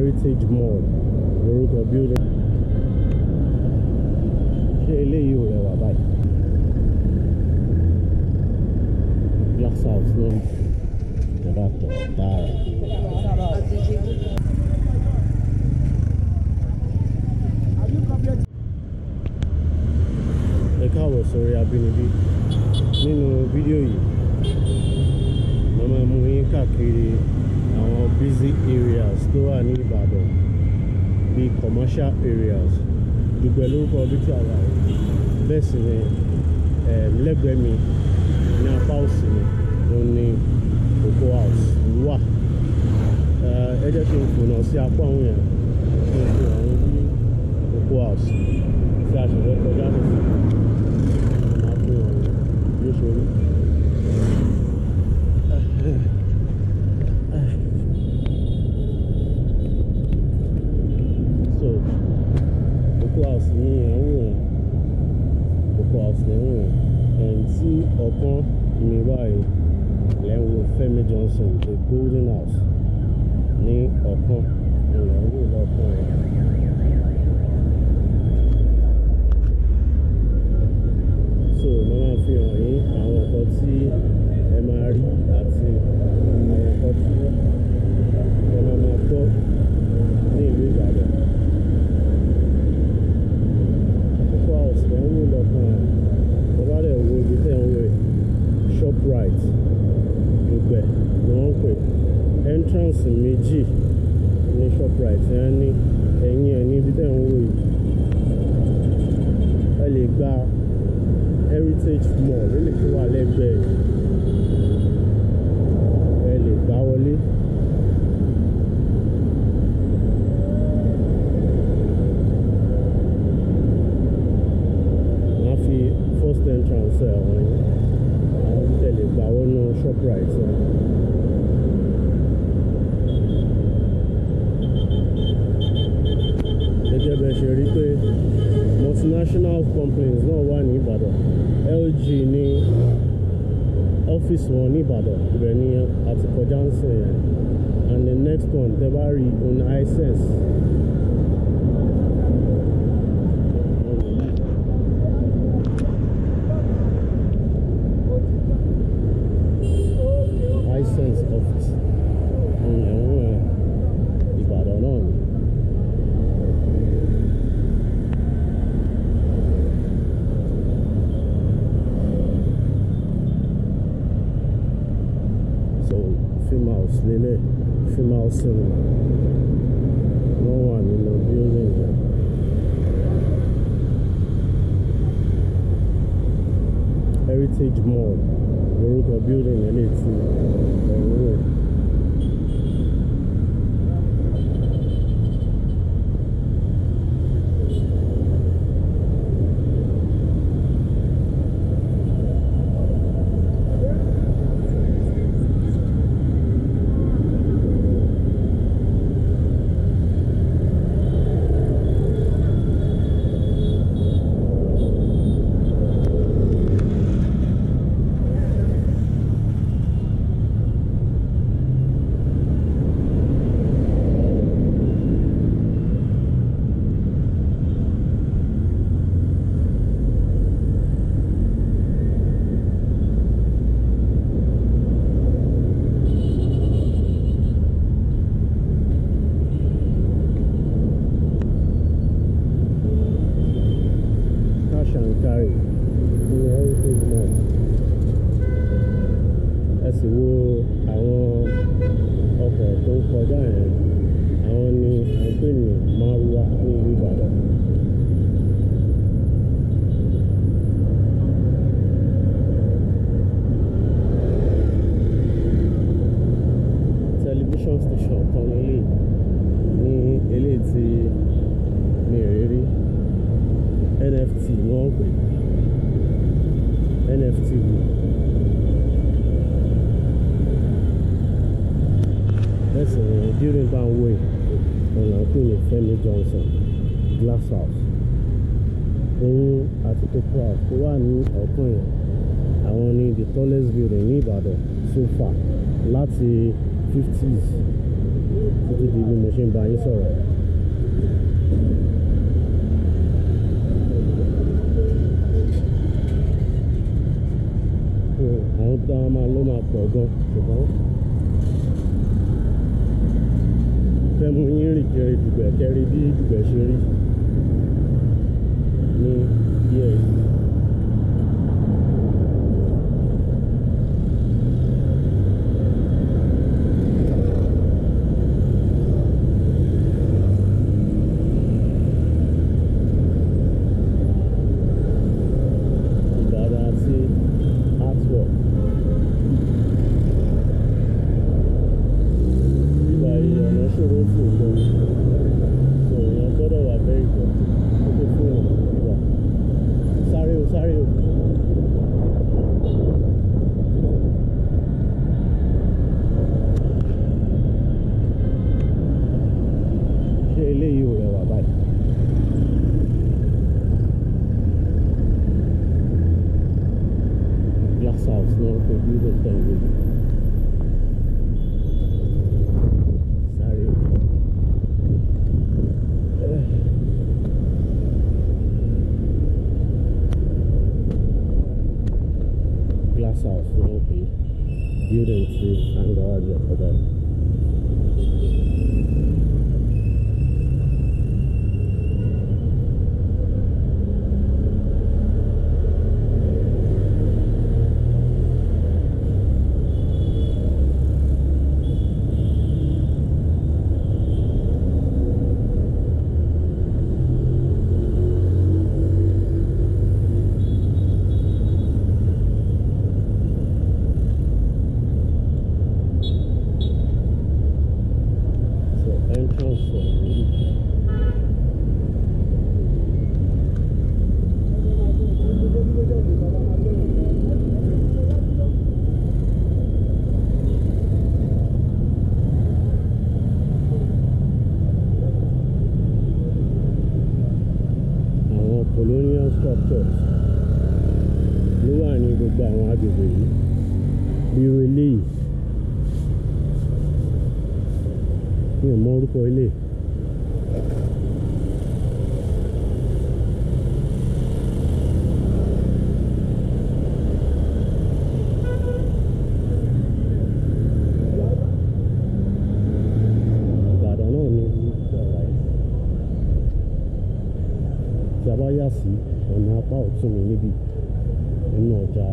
heritage mall lórúkọ building ṣé eléyìí ò rẹwà báyìí glass house ló ń jọba tó dára. ẹ káàbọ̀ sórí Abínibí nínú fídíò yìí mo máa mú yín káàkiri busy areas tó wà ní Ìbàdàn bíi commercial areas Dùgbẹ̀ lórúkọ ọdún tí a wà yìí bẹ́ẹ̀ sì ni ehm, lẹ́gbẹ̀ẹ́ mi ní apá òsì mi òun ni Cocoa House wà eh, ẹ jẹ́ kí n kùnà sí apá àwọn èèyàn kí n kùnà àwọn bí Cocoa House tí a ṣẹ̀fẹ́ kọjá nìkan máa fi hàn yóò ṣe àdéhùn ẹ̀ tí ọ̀kan mi báyìí lẹ́wọ̀n Fẹ́mi Johnson The Golden House ní ọ̀kan. big. ọ́fíìsì wọn ní Ìbàdàn ibẹ̀ ni a ti kọjá ń sìn yẹn and the next one tẹ bá rí on isense also television station kan nílé ní eléyìí tí mi NFT ni wọ́n ń pè NFT ẹsẹ̀ during that way ọ̀nà pè ní Fẹ́mi Johnson glass house òun àti kókó house tó wà ní ọ̀pọ̀ yẹn àwọn ni the tallest building ní Ìbàdàn so far láti. 50s, di bí mo ṣe ń bá yín sọ̀rọ̀. àwọn tó àwọn máa ló máa pọ̀ gan ṣùgbọ́n fẹ́ mú yín rìn kiri dùgbẹ̀ kẹrí bí dùgbẹ̀ ṣe Thank mm-hmm. you. myself will be due to an angle lórúkọ ilé Ìbàdàn náà ni tí a bá yà sí ọ̀nà apá ọ̀tún mi níbi nínú ọjà.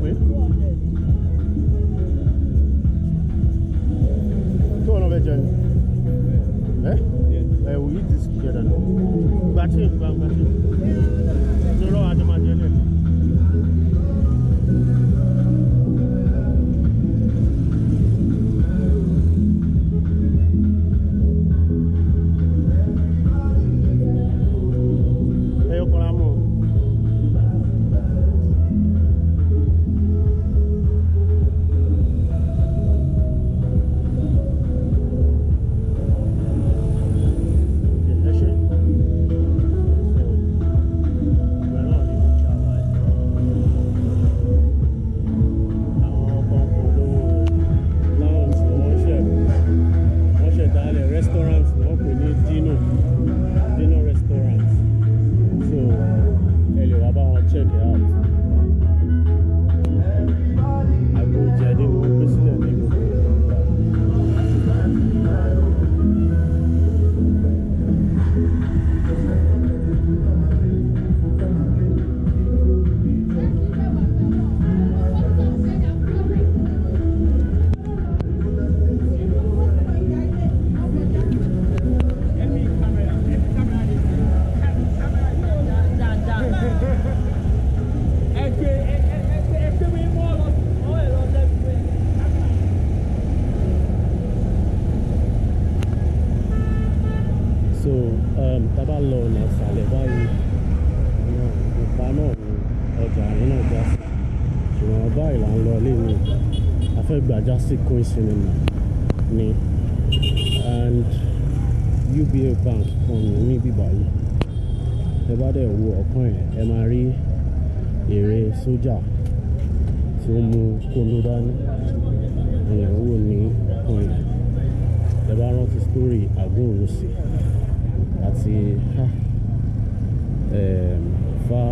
with? là ń lọ lé ní afẹ́gbàjá sí Koi cinema ni and UBA bank kan ní níbí báyìí ẹ bá dẹ̀ wo ọ̀kan yẹn ẹ máa rí èrè sójà tí ó mú kóló dání ìyẹn wò ní ọ̀kan yẹn ẹ bá rántí sítórì àgbóòrùsì àti fa.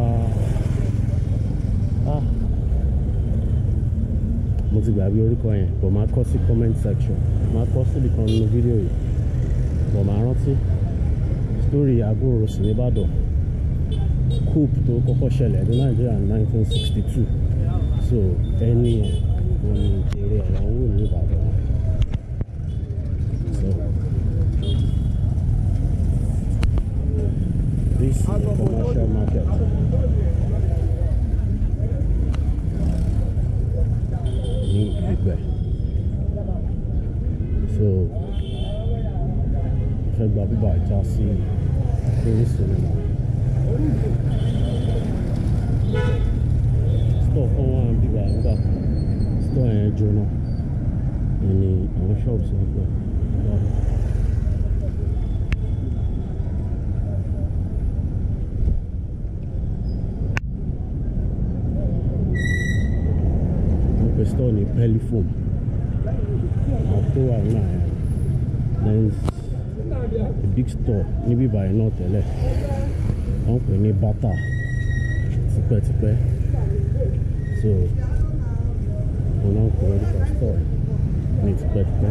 mo ti gbàgbé orúkọ yẹn bọ̀ máa kọ sí comment section máa kọ síbi kan nínú fídíò yìí bọ̀ máa rántí story agbóhùnsìn nìbàdàn coup tó kọ́kọ́ ṣẹlẹ̀ ní nàìjíríà ní 1962 so ẹni yẹn wọn ni eré ẹ̀rọ ní ìbàdàn. This is the commercial market. 就佢揾埋扎先，幾時？Sto qua di guarda, sto è giorno, e lì ho shop sempre. Guarda. questoni belli fumo wà nínú àyà there a big store níbí ìbàyẹn náà tẹ́lẹ̀ wọ́n pè butter, bàtà tipẹ́tipẹ́ so wọ́n náà kọ́ ọ́ nípa store ní tipẹ́tipẹ́.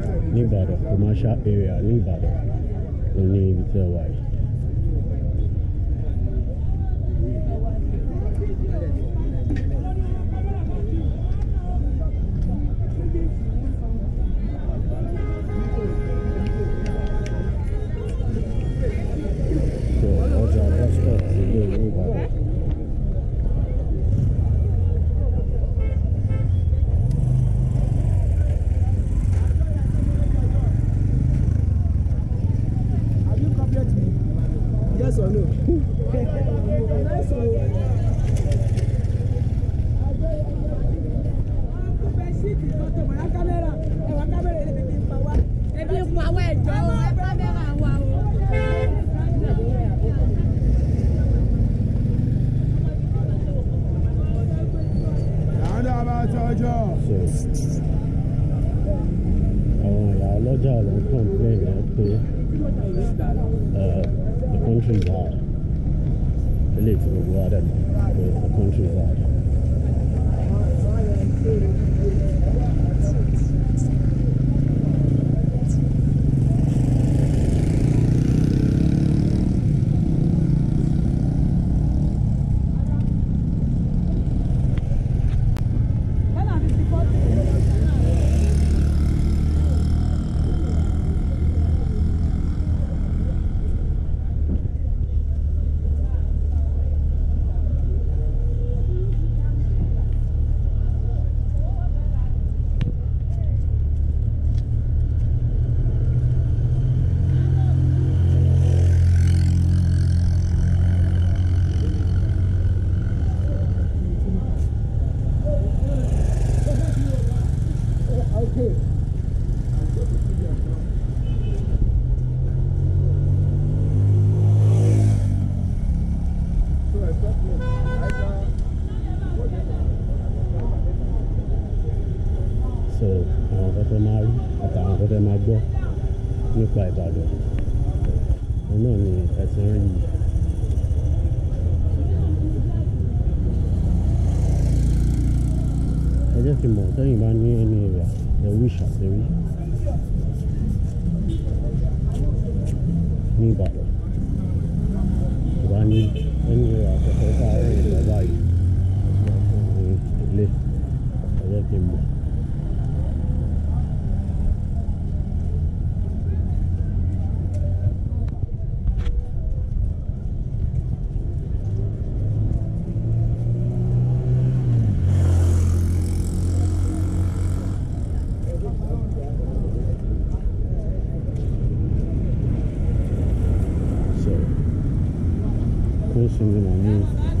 ní Ìbàdàn commercial area ní Ìbàdàn òní ibi tí ẹ wà yìí. country wide. They live for a wide the countryside. láti mọ̀ tẹ́yìn bá ní ẹni ẹ̀yà ẹ̀wí ìṣàtẹ̀rí ní Ìbàdàn. 现在没有。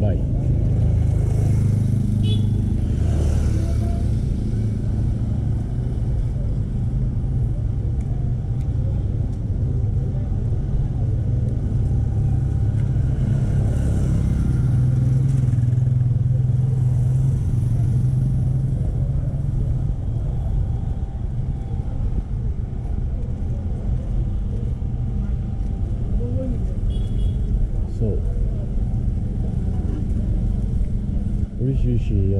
对。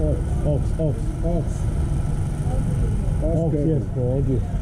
off, off, off, off. Off, yes, thank you.